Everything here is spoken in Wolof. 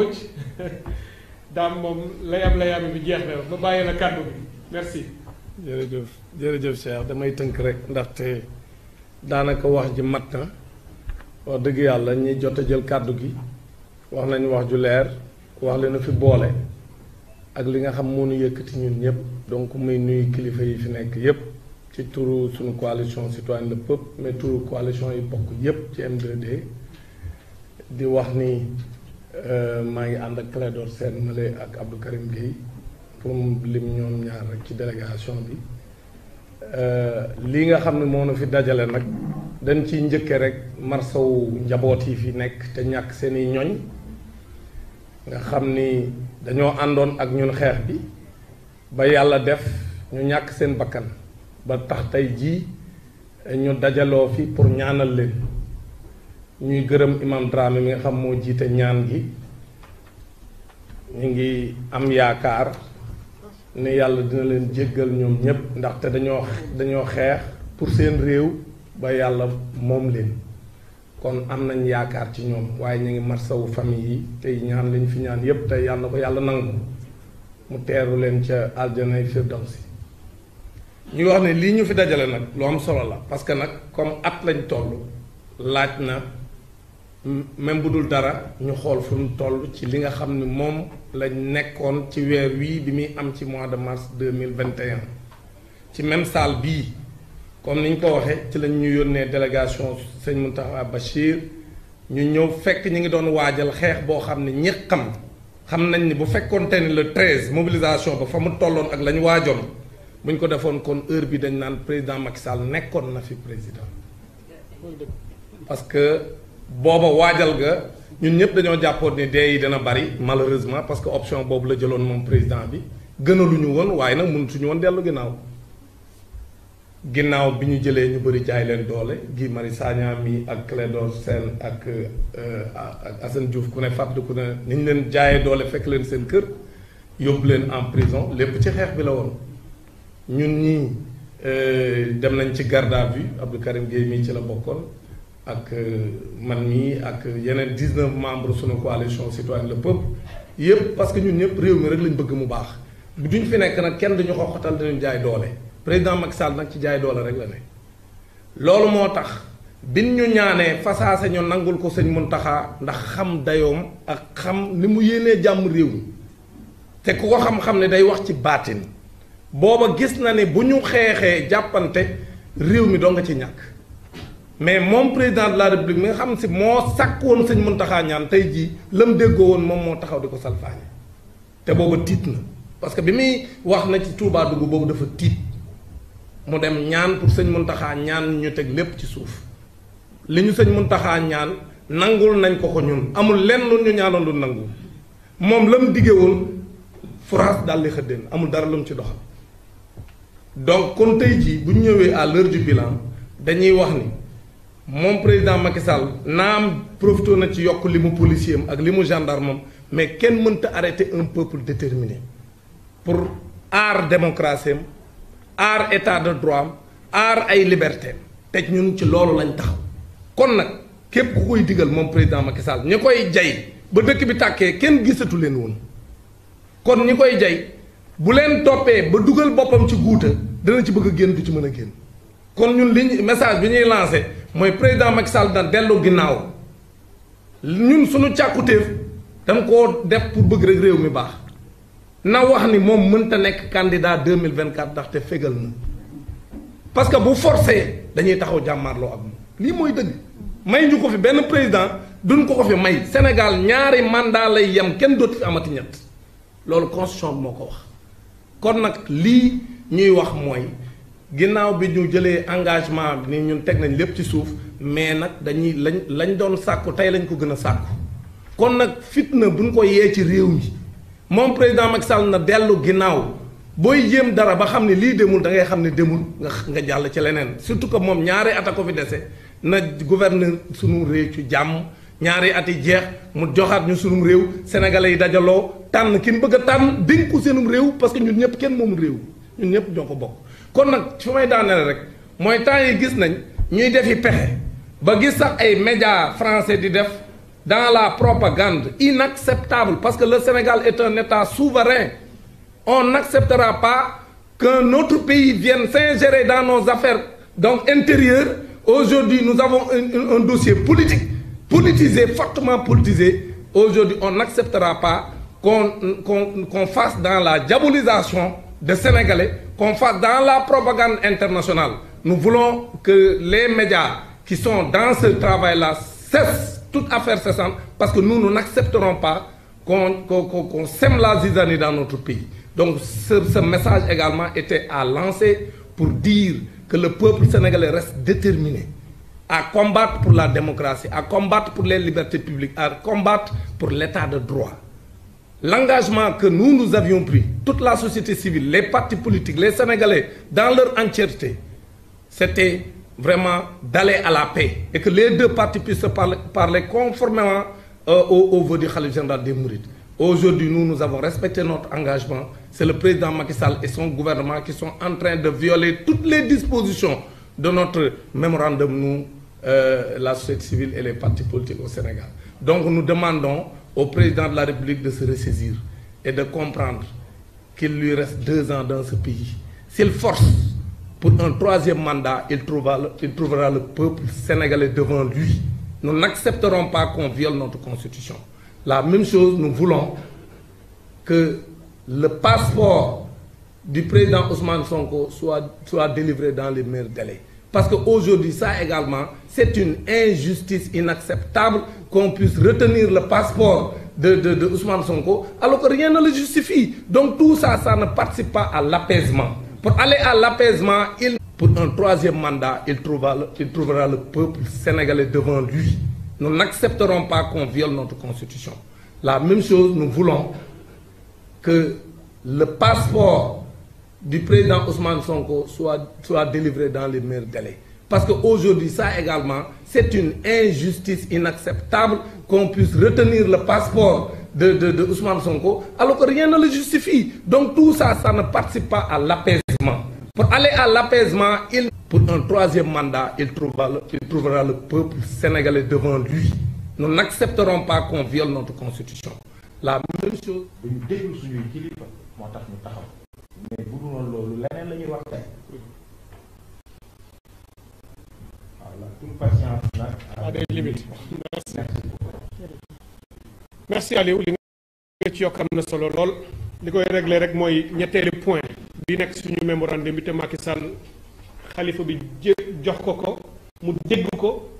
coach daam moom bi jeex na ba bàyyi la kàddu bi merci jërëjëf jërëjëf Cheikh damay tënk rek ndaxte daanaka wax ji matt na wax dëgg yàlla ñi jot jël kàddu gi wax nañu wax ju leer wax li nu fi boole ak li nga xam moo nu yëkkati ñun ñëpp donc muy nuyu kilifa yi fi nekk yépp ci turu suñu coalition citoyenne le peuple mais turu coalition yi bokk yépp ci m di wax ni Euh, maa ngi ànd ak Clédor Sène Malé ak Abdou Karim Guèye pour mu lim ñoom ñaar rek ci délégation bi euh, lii nga xam ne moo nu fi dajale nag dañ ciy njëkke rek marsawu njaboot yi fi nekk te ñàkk seeni ñoñ nga xam ni dañoo àndoon ak ñun xeex bi ba yàlla def ñu ñàkk seen bakkan ba tax tey jii ñu dajaloo fi pour ñaanal leen ñuy gërëm imam Dramé mi nga xam moo jiite ñaan gi ñu ngi am yaakaar ne yàlla dina leen jéggal ñoom ñépp ndaxte dañoo dañoo xeex pour seen réew ba yàlla moom leen kon am nañ yaakaar ci ñoom waaye ñu ngi marsawu famille yi tey ñaan lañ fi ñaan yépp tey yàlla ko yàlla nangu mu teeru leen ca aljanay firdawsi ñu wax ne lii ñu fi dajale nag lu am solo la parce que nag comme at lañ toll laaj na même budul dara ñu xool fu ñu toll ci li nga xam ne moom lañ nekkoon ci weer wii bi muy am ci mois de mars deux mille vingt et ci même salle bii comme ni ñu ko waxee ci lañ ñu yónnee délégation sëñ Mountakha Bachir ñu ñëw fekk ñu ngi doon waajal xeex boo xam ne ñi xam xam nañ ni bu fekkoonte ni le treize mobilisation ba fa mu tolloon ak la ñu waajoon bu ñu ko defoon kon heure bi dañ naan président Macky Sall nekkoon na fi président parce booba waajal ga ñun ñëpp dañoo jàppoon ni dee yi dana bari malheureusement parce que option boobu la jëloon moom président bi gënalu ñu woon waaye nag mënut suñu woon dellu ginnaaw ginnaaw bi ñu jëlee ñu bëri jaay leen doole Guy Marius Sagna mi ak Clédor seen ak euh, ak Assane Diouf ku ne fàttaliku ne ni ñu leen jaayee doole fekk leen seen kër yóbbu leen en prison lépp ci xeex bi la woon ñun ñii euh, dem nañ ci garde à vue Abdou Karim Gueye mii ci la bokkoon. ak euh, man mii ak yeneen 19 membres suñu coalition citoyenne le peuple yëpp parce que ñun ñëpp réew mi rek lañu bëgg mu baax duñ fi nekk nag kenn dañu xoxotal dañu jaay doole président Macky Sall nag ci jaay doole rek la ne. loolu moo tax biñ ñu ñaanee fasaase ñu nangul ko sëñ mun Mountakha ndax xam dayoom ak xam ni mu yéenee jàmm réew mi te ku ko xam-xam ne day wax ci baatin booba gis na ne bu ñu xeexee jàppante réew mi doo nga ci ñàkk. mais moom président la république mi nga xam si moo sàkk woon sëñ Muntaxa ñaan tey jii la mu déggoo woon moom moo taxaw di ko salfaañe te booba tiit na parce que bi muy wax na ci tuubaa dugg boobu dafa tiit mu dem ñaan pour sëñ Muntaxa ñaan ñu teg lépp ci suuf li ñu sëñ Muntaxa ñaan nangul nañ ko ko ñun amul lenn lu ñu ñaanoon lu nangul moom la mu diggee woon France daal di amul dara lu mu ci doxal donc kon tey jii bu ñëwee à l'heure du dañuy wax ni. moom président Macky naa am profité na ci yokk li mu policier am ak li mu gendarme am mais kenn mënta arrêter un peuple déterminé pour aar démocratie am aar état de droit am aar ay liberté te ñun ci loolu lañ taxaw kon nag képp ku koy digal moom président Macky Sall ñi koy jay ba dëkk bi tàkkee kenn gisatu leen woon kon ñi koy jay bu leen toppee ba dugal boppam ci guuta dina ci bëgg a génn du ci mën a génn kon ñun liñ message bi ñuy lancé mooy président mac Sall daan dellu ginnaaw ñun suñu càkkutéef dañ ko def pour bëgg rek réew mi baax na wax ni moom mënta nekk candidat 2024 ndaxte fégal na parce que bu forcé dañuy taxaw jàmmaarloo am moom lii mooy dëgg may ñu ko fi benn président duñ ko ko fi may senegal ñaari mandat lay yem kenn dootu fi amati ñett loolu constitution moo ko wax kon nag lii ñuy wax mooy ginnaaw bi ñu jëlee engagement bi ni ñun teg nañ lépp ci suuf mais nag dañuy lañ lañ doon sàkku tey lañ ko gën a sàkku kon nag fitna buñ ko yee ci réew mi moom président Macky Sall na dellu ginnaaw booy jéem dara ba xam ne lii demul da ngay xam ne demul nga nga jàll ci leneen surtout que moom ñaari at a ko fi dese na guverneur sunu réew ci jàmm ñaari at yi jeex mu joxaat ñu sunum réew sénégalais yi dajaloo tànn ki kin bëgg a tànn dénku seenu réew parce que ñun ñëpp kenn moomul réew ñëpp ñoo ko bokk kon nag fi may daaneel rek mooy temps yi gis nañ ñuy defi pexe ba gis sax ay médias français di def dans la propagande inacceptable parce que le Sénégal est un état souverain on n'acceptera pas qu'un autre pays vienne s'ingérer dans nos affaires donc intérieures aujourd'hui nous avons un, un, un dossier politique politisé fortement politisé aujourd'hui on n'acceptera pas qu'on qu'on qu'on fasse dans la diabolisation de Sénégalais qu'on fasse dans la propagande internationale. Nous voulons que les médias qui sont dans ce travail-là cessent toute affaire cessante parce que nous, nous n'accepterons pas qu'on qu qu sème la zizanie dans notre pays. Donc ce, ce message également était à lancer pour dire que le peuple sénégalais reste déterminé à combattre pour la démocratie, à combattre pour les libertés publiques, à combattre pour l'état de droit. l'engagement que nous nous avions pris toute la société civile les partis politiques les sénégalais dans leur entièreté c'était vraiment d'aller à la paix et que les deux partis puissent se parler, parler conformément euh, au, au vœu du khalife général des mourides aujourd'hui nous nous avons respecté notre engagement c'est le président Macky Sall et son gouvernement qui sont en train de violer toutes les dispositions de notre mémorandum nous euh, la société civile et les parti politiques au Sénégal donc nous au président de la République de se ressaisir et de comprendre qu'il lui reste deux ans dans ce pays. S'il force pour un troisième mandat, il trouvera, le, il trouvera le peuple sénégalais devant lui. Nous n'accepterons pas qu'on viole notre constitution. La même chose, nous voulons que le passeport du président Ousmane Sonko soit, soit délivré dans les maires délais. Parce qu'aujourd'hui, ça également, c'est une injustice inacceptable qu'on puisse retenir le passeport de, de, de, Ousmane Sonko alors que rien ne le justifie. Donc tout ça, ça ne participe pas à l'apaisement. Pour aller à l'apaisement, il, pour un troisième mandat, il trouvera, le, il trouvera le peuple sénégalais devant lui. Nous n'accepterons pas qu'on viole notre constitution. La même chose, nous voulons que le passeport du président Ousmane Sonko soit, soit délivré dans les meilleurs délais. Parce que qu'aujourd'hui, ça également, c'est une injustice inacceptable qu'on puisse retenir le passeport de, de, de, Ousmane Sonko alors que rien ne le justifie. Donc tout ça, ça ne participe pas à l'apaisement. Pour aller à l'apaisement, il, pour un troisième mandat, il trouvera, le, il trouvera le peuple sénégalais devant lui. Nous n'accepterons pas qu'on viole notre constitution. La même chose. mais bu loolu leneen la ñuy wax tey voilà merci merci Aliou li nga ci yokk am na solo lool li koy régler rek mooy ñetteelu point bi nekk suñu mémorandum bi te Macky xalifa bi jox ko ko mu dégg ko